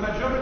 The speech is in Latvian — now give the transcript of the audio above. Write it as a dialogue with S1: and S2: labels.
S1: maggior